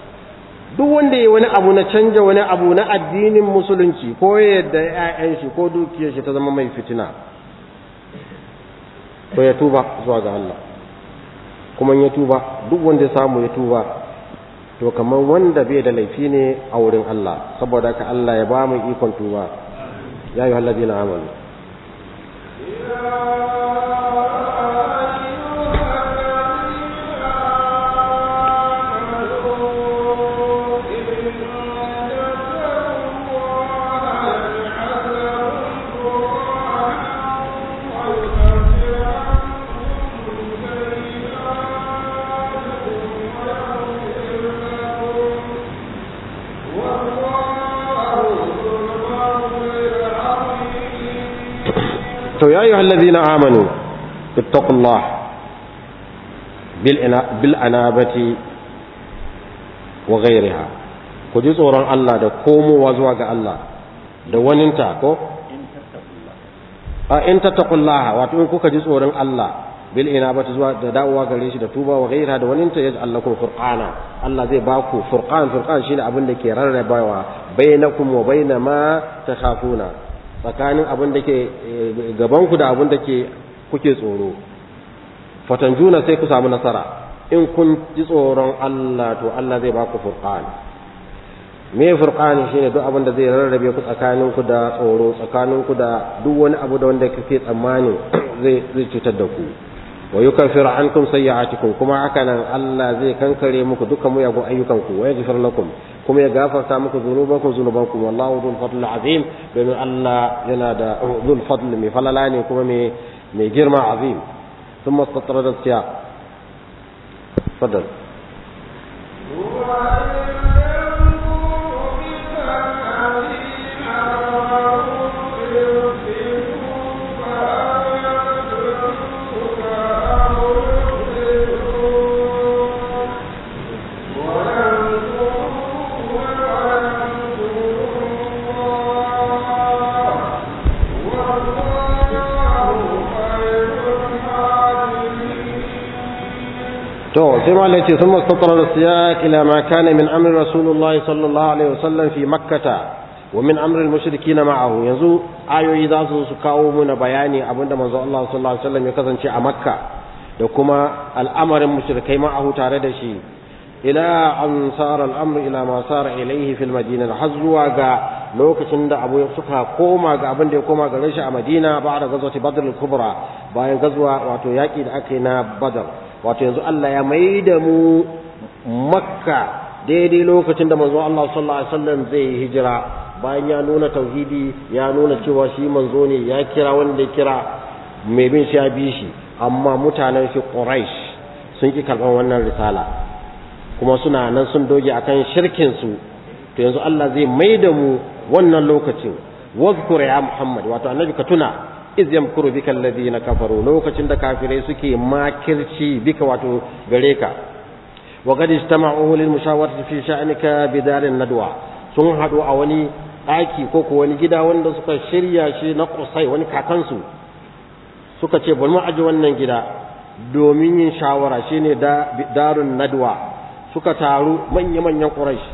duk wanda ya wani abu na canja wani abu na addinin musulunci ko yadda ƴaƴan shi ko dukiyar shi ta zama mai fitina to ya tuba zuwa ga Allah kuma ya tuba duk wanda ya samu ya tuba to kamar wanda bai da laifi ne a wurin Allah saboda ka Allah ya ba mu ikon tuba ya yi na amalu يا أيها الذين bil' اتقوا الله بالأنابة وغيرها ku ji tsoron Allah da komowa zuwa ga Allah da waninta ko a in tattaqullaha wato in kuka ji tsoron Allah bil inabati zuwa da dawowa gare shi da tuba wa ghairiha da waninta yaj allakum furqana Allah zai baku furqan furqan shine abin da ke rarrabawa bainakum wa ta takhafuna tsakanin abin da ke eh, gabanku da abin da ke kuke tsoro fatanjuna sai ku samu nasara in kun ji tsoron Allah to Allah zai baku furqan me shi shine duk abin da zai rarrabe ku tsakanin ku da tsoro tsakanin ku da duk wani abu da wanda kake tsammani zai zai cutar da ku wa yukaffiru ankum sayyi'atikum kuma haka nan Allah zai kankare muku dukkan muyagun ayyukan ku wa yaghfir lakum kuma ya gafarta muku zunubanku zunubanku wallahu dhul fadl azim domin Allah yana da dhul fadl mai falala ne kuma mai mai girma azim ثم استطرد السياق تفضل sai malai ce sun mastattar siyak ila ma kana min sallallahu alaihi wasallam fi makkata wa min amri mushrikina ma'ahu yanzu ayoyi za kawo muna bayani abinda manzo Allah sallallahu alaihi wasallam ya kasance a makka da kuma al'amarin mushrikai ma'ahu tare da shi ila an sara al'amru ila ma sara ilaihi fil har zuwa ga lokacin da abu suka koma ga abin da ya koma ga shi a madina ba da gazwati kubra bayan gazwa wato yaki da aka yi na badr wato yanzu Allah ya mai da mu makka daidai lokacin da manzo Allah sallallahu alaihi wasallam zai hijira bayan ya nuna tauhidi ya nuna cewa shi manzo ne ya kira wanda ya kira mai bin shi ya bi shi amma mutanen shi Quraysh sun ki karban wannan risala kuma suna nan sun doge akan shirkin su to yanzu Allah zai mai da mu wannan lokacin wazkur ya Muhammad wato annabi ka tuna iz yamkuru bika alladhina kafaru lokacin da kafirai suke makirci bika wato gare ka wa qad istama'u lil mushawarati fi sha'nika darin nadwa sun hadu a wani daki ko ko wani gida wanda suka shirya shi na qusai wani kakansu suka ce bari mu aje wannan gida domin yin shawara shine da darun nadwa suka taru manyan manyan quraish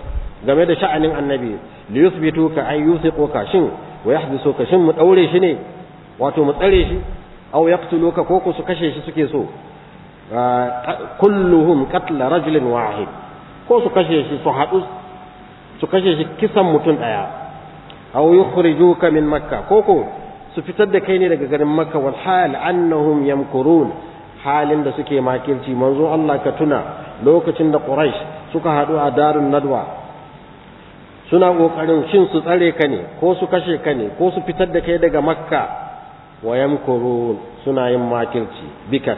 game da sha'anin annabi li yuthbituka ay yuthiquka shin wa yahdisuka shin mu daure shi ne wato mu tsare shi aw yaqtuluka ko su kashe shi suke so kulluhum qatla rajulin wahid ko su kashe shi su haɗu su kashe shi kisan mutum ɗaya aw yukhrijuka min makka ko ko su fitar da kai ne daga garin makka wal hal annahum yamkurun halin da suke makirci manzo Allah ka tuna lokacin da quraish suka haɗu a darun nadwa suna ƙoƙarin shin su tsare ka ne ko su kashe ka ne ko su fitar da kai daga makka wa yamkurun suna yin makirci bika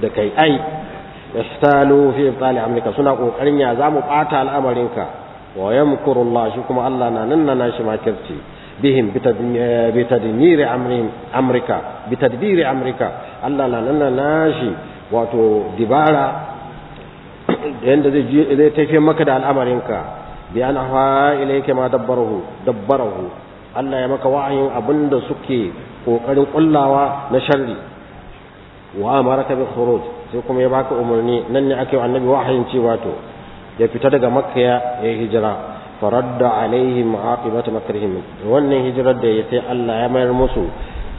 da kai ai yastalu fi ibtali amrika suna kokarin ya zamu bata al'amarinka wa yamkuru Allah shi kuma Allah na nan na shi makirci bihim bi tadmiri eh, amrin amrika bi tadbiri amrika Allah na nan na shi wato dibara da yanda zai zai tafi maka da al'amarinka bi an hawa ilayka ma dabbarahu dabbarahu Allah ya maka wa'ayin abin da suke kokarin kullawa na sharri wa amaraka bi khuruj sai kuma ya baka umarni nan ne ake annabi wahayin cewa to ya fita daga makka ya hijira faradda alaihim aqibata makrihim wannan hijirar da ya sai Allah ya mayar musu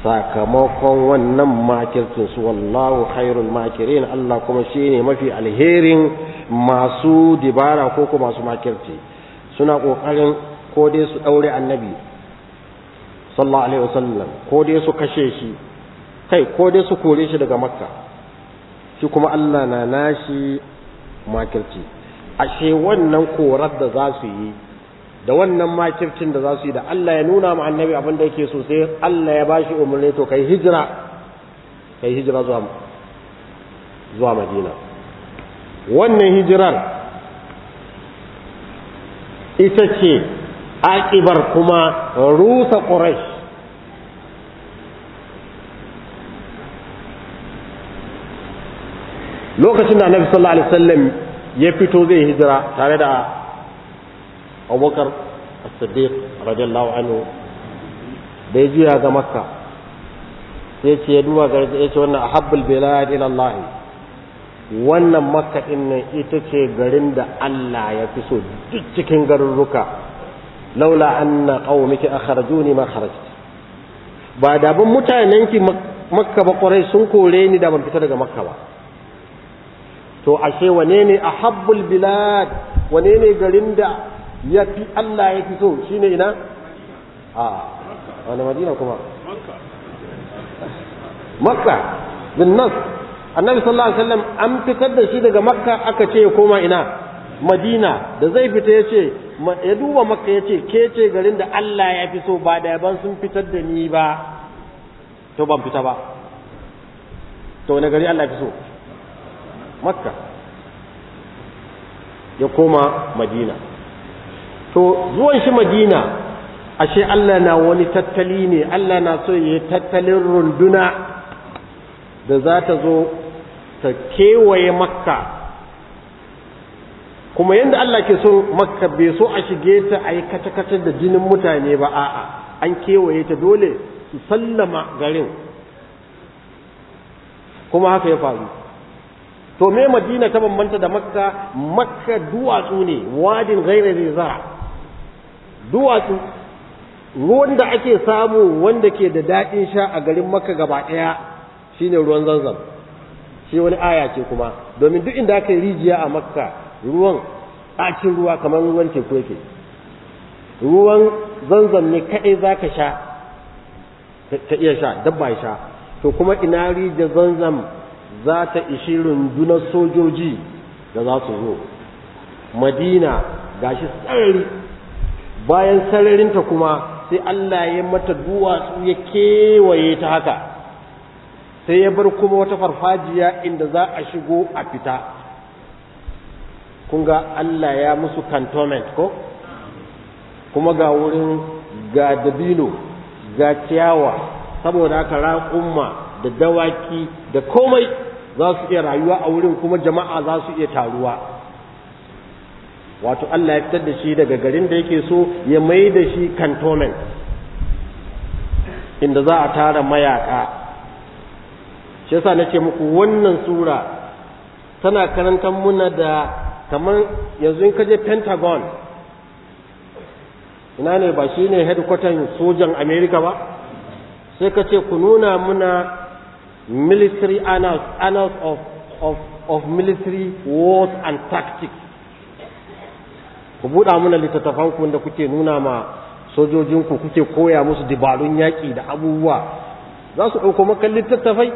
sakamakon wannan makircin su wallahu khairul makirin Allah kuma shine mafi alherin masu dibara ko kuma masu makirci suna kokarin ko dai su daure annabi sallallahu alaihi wasallam ko dai su kashe shi kai ko dai su kore shi daga makka shi kuma Allah na nashi makirci ashe wannan korar da za su yi da wannan makircin da za su yi da Allah ya nuna ma annabi abin da yake so sai Allah ya bashi umarni to kai hijira kai hijira zuwa zuwa Madina wannan hijirar ita ce aƙibar kuma rusa ƙurash lokacin da annabi sallallahu alaihi wasallam ya fito zai hijira tare da abubakar as-siddiq radiyallahu anhu da ya ga makka sai ce ya duba gari ya ce wannan ahabbul bilad ila Allah wannan makka din ita ce garin da Allah ya fi so duk cikin garuruka laula anna qaumika akhrajuni ma kharajt ba da bin mutanen ki makka ba kwarai sun kore ni da ban fita daga makka ba to ashe wane ne a habbul bilad wane ne garin da ya fi Allah ya fi so shine ina a wani madina kuma makka bin nas annabi sallallahu alaihi wasallam an fitar da shi daga makka aka ce ya koma ina madina da zai fita ya ce ya duba makka ya ce ke ce garin da Allah ya fi so ba da yaban sun fitar da ni ba to ban fita ba to wane gari Allah ya fi so makka ya koma madina to zuwan shi madina ashe Allah na wani tattali ne Allah na so ya tattalin runduna da za ta zo ta kewaye makka kuma yadda Allah ke so makka bai so a shige ta a yi kata da jinin mutane ba a'a an kewaye ta dole su sallama garin kuma haka ya faru to me madina ta bambanta da makka makka duwatsu ne wadin gairar za duwatsu ruwan da ake samu wanda ke da daɗin sha a garin makka gaba ɗaya shine ruwan zanzam shi wani aya ce kuma domin duk inda aka yi rijiya a makka ruwan ɗakin ruwa kamar ruwan teku yake ruwan zanzam ne kaɗai zaka ka sha ka iya sha dabba sha to kuma ina rijiyar zanzam za ta ishi rundunar sojoji da za su zo madina ga shi sarari bayan sararinta kuma sai Allah ya mata duwatsu ya kewaye ta haka sai ya bar kuma wata farfajiya inda za a shigo a fita kun ga Allah ya musu cantonment ko kuma ga wurin ga dabino ga ciyawa saboda haka raƙumma da dawaki da komai za su iya rayuwa a wurin kuma jama'a za su iya taruwa wato Allah ya fitar da shi daga garin da yake so ya mai da shi cantonment inda za a tara mayaka shi yasa nace muku wannan sura tana karantar muna da kamar yanzu in kaje Pentagon ina ne ba shine headquarter sojan America ba sai ka ce ku nuna muna military annals, annals of, of, of military wars and tactics. Ku buɗa mana littattafanku wanda kuke nuna ma sojojinku kuke koya musu dabarun yaƙi da abubuwa za su ɗauko makan littattafai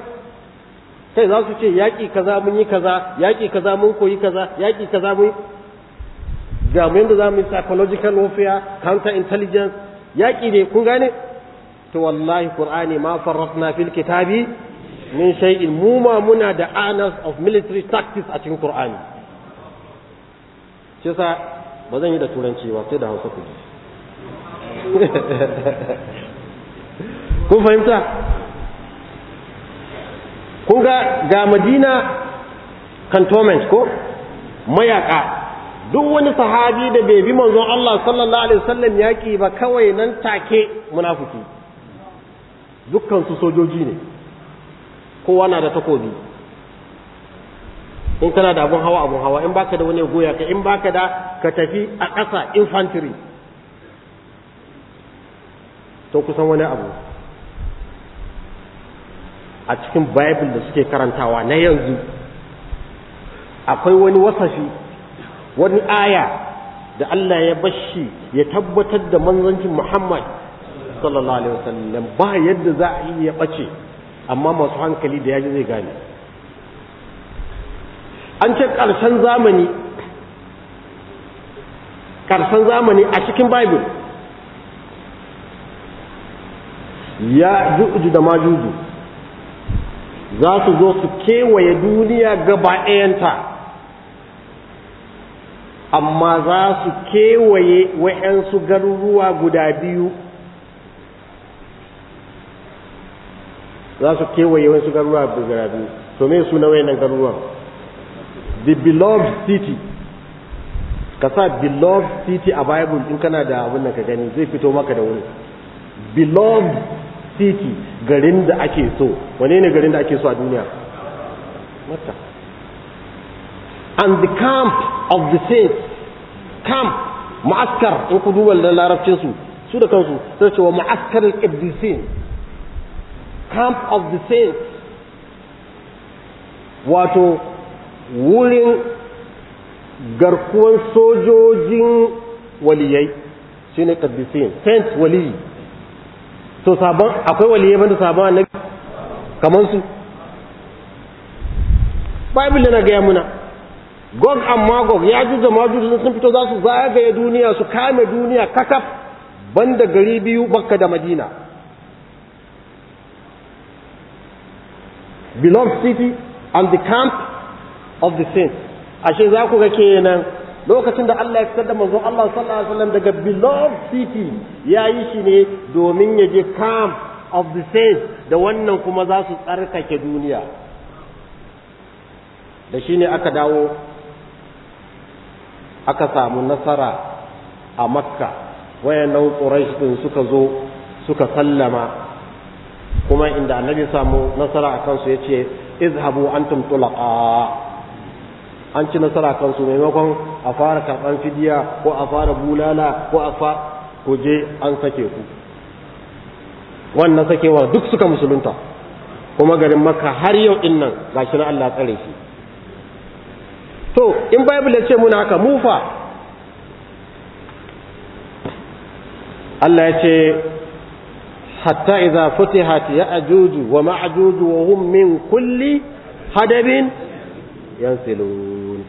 kai za su ce yaƙi kaza mun yi kaza yaƙi kaza mun koyi kaza yaƙi kaza mun ga mu yadda za mu yi psychological warfare counter intelligence yaƙi ne kun gane to wallahi qur'ani ma farratna fil kitabi min shay'in mu ma muna da annals of military tactics a cikin Qur'ani shi yasa ba zan yi da turanci ba sai da Hausa ku ji kun fahimta kun ga ga Madina cantonment ko mayaka duk wani sahabi da bai bi manzon Allah sallallahu alaihi wasallam yaki ba kawai nan take munafiki dukkan su sojoji ne kowa na da takobi in kana da abun hawa abun hawa in baka da wani goya ka in baka da ka tafi a ƙasa infantry to kusan wani abu a cikin bible da suke karantawa na yanzu akwai wani wasafi wani aya da Allah ya bashi ya tabbatar da manzancin Muhammad sallallahu alaihi wasallam ba yadda za a yi ya bace amma masu hankali da yaji zai gane an ce ƙarshen zamani ƙarshen zamani a cikin bible ya juju da majuju za su zo su kewaye duniya gaba ɗayanta amma za su kewaye wa'yansu garuruwa guda biyu za su kewaye wasu garuwa guda biyu to me su na nan garuruwan the beloved city ka sa beloved city a bible in kana da abin nan ka gani zai fito maka da wuri beloved city garin da ake so wane ne garin da ake so a duniya mata and the camp of the saints camp ma'askar in ku duba larabcin su su da kansu sai cewa ma'askar ibdisin camp of the saints wato wurin garkuwan sojojin waliyai shi ne ƙaddisin saint waliyi so sabon akwai waliyai banda sabon na kamar su bible na gaya muna gog and magog ya ji da majuju sun fito za su zagaye duniya su kame duniya kakaf banda gari biyu bakka da madina beloved city and the camp of the saints ashe za ku ga kenan lokacin da Allah ya fitar da manzon Allah sallallahu alaihi wasallam daga beloved city ya yi shi ne domin ya je camp of the saints da wannan kuma za su tsarkake duniya da shi ne aka dawo aka samu nasara a makka wayannan quraish suka zo suka sallama kuma inda annabi samu nasara a kansu ya ce izhabu antum tulaqa an ci nasara a kansu maimakon a fara karɓar fidiya ko a fara bulala ko a fa ku je an sake ku wannan sakewar duk suka musulunta kuma garin makka har yau din nan gashi na Allah tsare shi to in bible ya ce muna haka mufa. Allah ya ce hatta idza futihat ya'juj wa ma'juj wa hum min kulli hadabin yansilun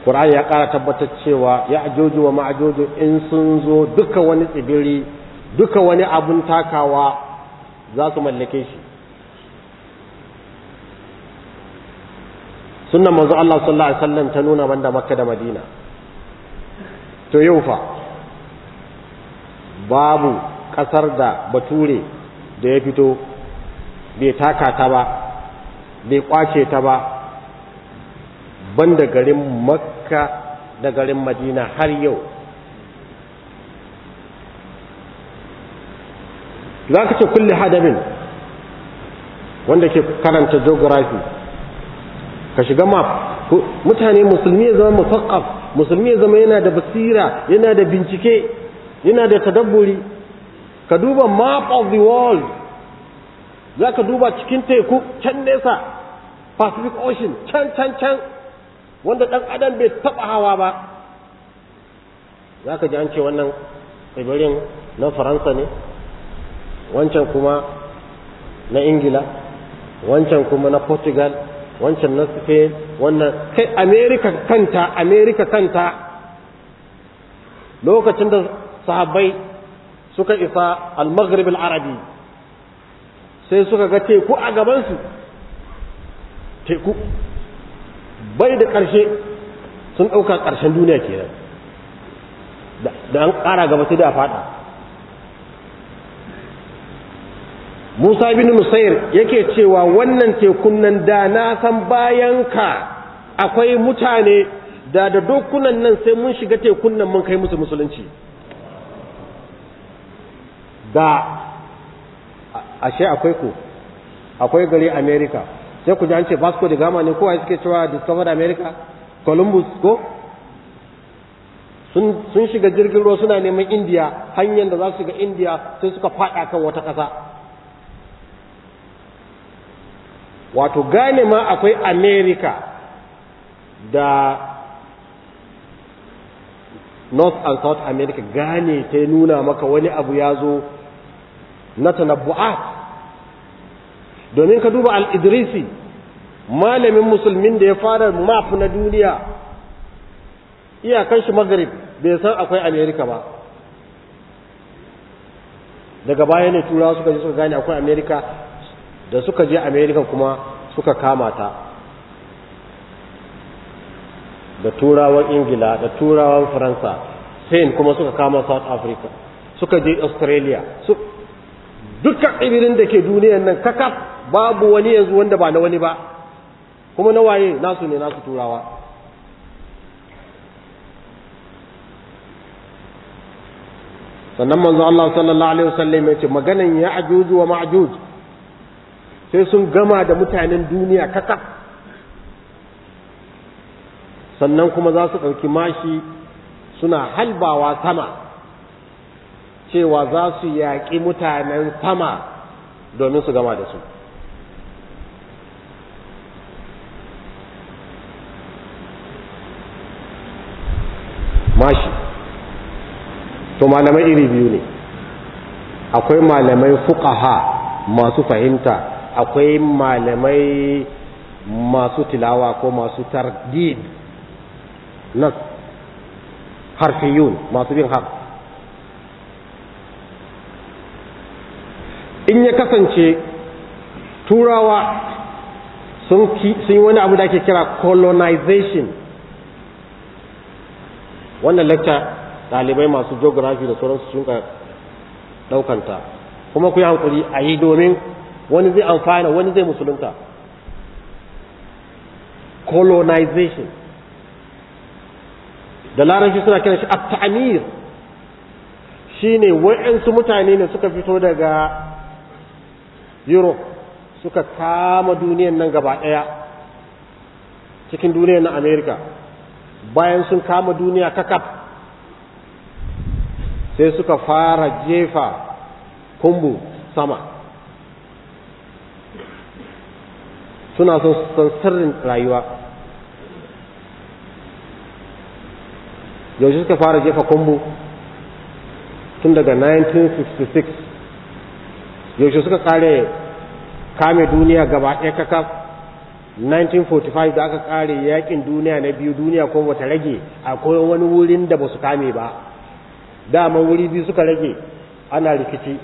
Qur'ani ya ƙara tabbatar cewa ya'juj wa ma'juj in sun zo duka wani tsibiri duka wani abun takawa za su mallake shi Suna manzo Allah sallallahu alaihi wasallam ta nuna banda Makka da Madina to yau fa babu ƙasar da bature da ya fito bai taka ta ba bai kwace ta ba banda garin makka da garin madina har yau za ka ce kulle hadabin wanda ke karanta geography ka shiga map mutane musulmi ya zama musulmi ya zama yana da basira yana da bincike yana da tadabburi ka duba map of the world za ka duba cikin teku can nesa pacific ocean can can can wanda dan adam bai taɓa hawa ba za ka ji an ce wannan tsibirin na faransa ne wancan kuma na ingila wancan kuma na portugal wancan na spain wannan kai america kanta america kanta lokacin da sahabbai suka isa al-maghrib al-arabi sai suka ga teku a gabansu teku bai da ƙarshe sun ɗauka ƙarshen duniya kenan da an ƙara gaba sai da faɗa musa bin musayir yake cewa wannan tekun nan da na san bayan ka akwai mutane da da dokunan nan sai mun shiga tekun nan mun kai musu musulunci da ashe akwai ku akwai gari america sai ku ji an vasco da gama ne kowa suke cewa discover america columbus ko sun shiga jirgin ruwa suna neman indiya hanyar da za su shiga indiya sai suka faɗa kan wata ƙasa wato gane ma akwai america da north and south america gane ta nuna maka wani abu ya zo na tanabbu'at domin ka duba al-idrisi malamin musulmin da ya fara map na duniya iyakan shi maghrib bai san akwai america ba daga baya ne tura suka je suka gane akwai america da suka je america kuma suka kama ta da turawan ingila da turawan faransa spain kuma suka kama south africa suka je australia dukkan ƙibirin da ke duniyan nan kakaf babu wani yanzu wanda ba na wani ba kuma na waye nasu ne nasu turawa sannan manzo Allah sallallahu alaihi wasallam ya ce maganan ya ajuju wa ma'juj sai sun gama da mutanen duniya kakaf sannan kuma za su ɗauki mashi suna halbawa sama cewa za su yaƙi mutanen sama domin su gama da su mashi to malamai iri biyu ne akwai malamai fuƙaha masu fahimta akwai malamai masu tilawa ko masu tardid nas harfiyun masu bin harfi in ya kasance turawa sun yi wani abu da ake kira colonization wannan lecture dalibai masu geography da sauransu sun ka ɗaukanta kuma ku yi hankuri a yi domin wani zai amfana wani zai musulunta colonization da larashi suna kiran shi at-ta'mir shine wa'ansu mutane ne suka fito daga europe suka kama duniyan nan gaba ɗaya cikin duniyan na america bayan sun kama duniya kakaf sai suka fara jefa kumbu sama suna son san rayuwa yaushe suka fara jefa kumbu tun daga 1966 yaushe suka kare kame duniya gaba ɗaya kakaf 1945 da aka kare yakin duniya na biyu duniya ko wata rage akwai wani wurin da ba su kame ba dama wuri biyu suka rage ana rikici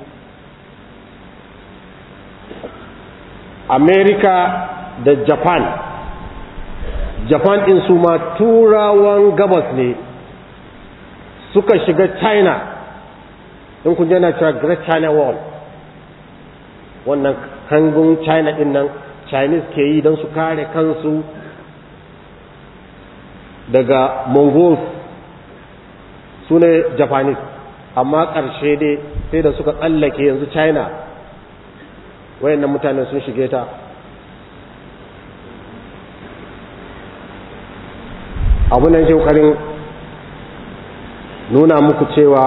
america da japan japan ɗin su ma turawan gabas ne suka shiga china in kun jana cewa great china world wannan hangun china din nan chinese ke yi don su kare kansu daga mongols su ne japanese amma ƙarshe dai sai da suka tsallake yanzu china wayannan mutane sun shige ta abu nan ƙoƙarin nuna muku cewa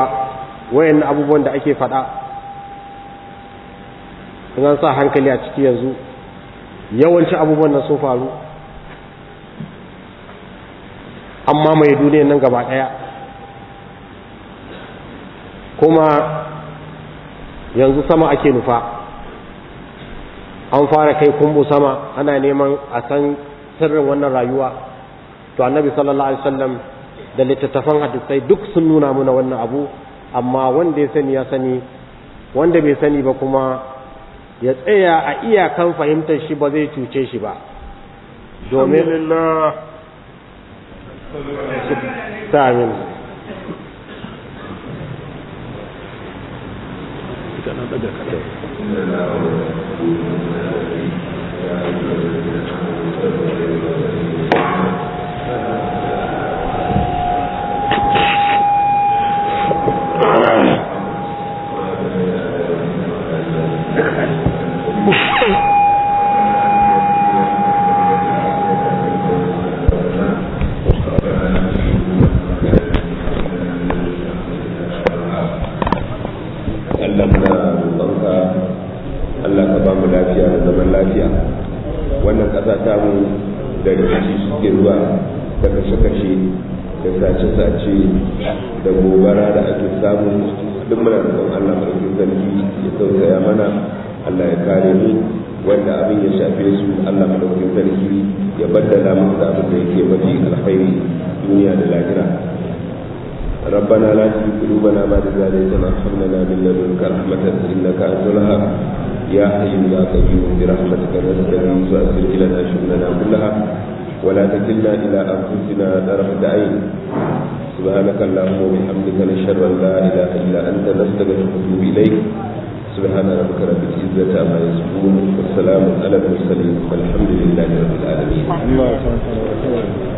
wayan abubuwan da ake faɗa zan sa hankali a ciki yanzu yawanci abubuwan nan sun faru amma mai duniyan nan gaba daya kuma yanzu sama ake nufa an fara kai kumbu sama ana neman a san sirrin wannan rayuwa to annabi sallallahu alaihi wasallam da littattafan hadisai duk sun nuna muna wannan abu amma wanda ya sani ya sani wanda bai sani ba kuma ya tsaya a iyakan fahimtar shi ba zai cuce shi ba domin samin Thank you. lafiya wannan ƙasa ta mu da rikici suke zuwa da kashe-kashe da sace-sace da gobara da ake samu duk muna da Allah mulkin zargi ya tausaya mana Allah ya kare mu wanda abin ya shafe su Allah mai mulkin zargi ya baddala mu da abin da yake mafi alkhairi duniya da lahira ربنا لا تزغ قلوبنا بعد إذ هديتنا وهب لنا من لدنك رحمة إنك أنت الوهاب يا حي لا قيوم برحمتك نسأل أن تؤثر لنا شؤوننا كلها ولا تكلنا إلى أنفسنا طرفة عين سبحانك اللهم وبحمدك نشهد أن لا إله إلا أنت نستغفرك ونتوب إليك سبحان ربك رب العزة عما يصفون والسلام على المرسلين والحمد لله رب العالمين. الله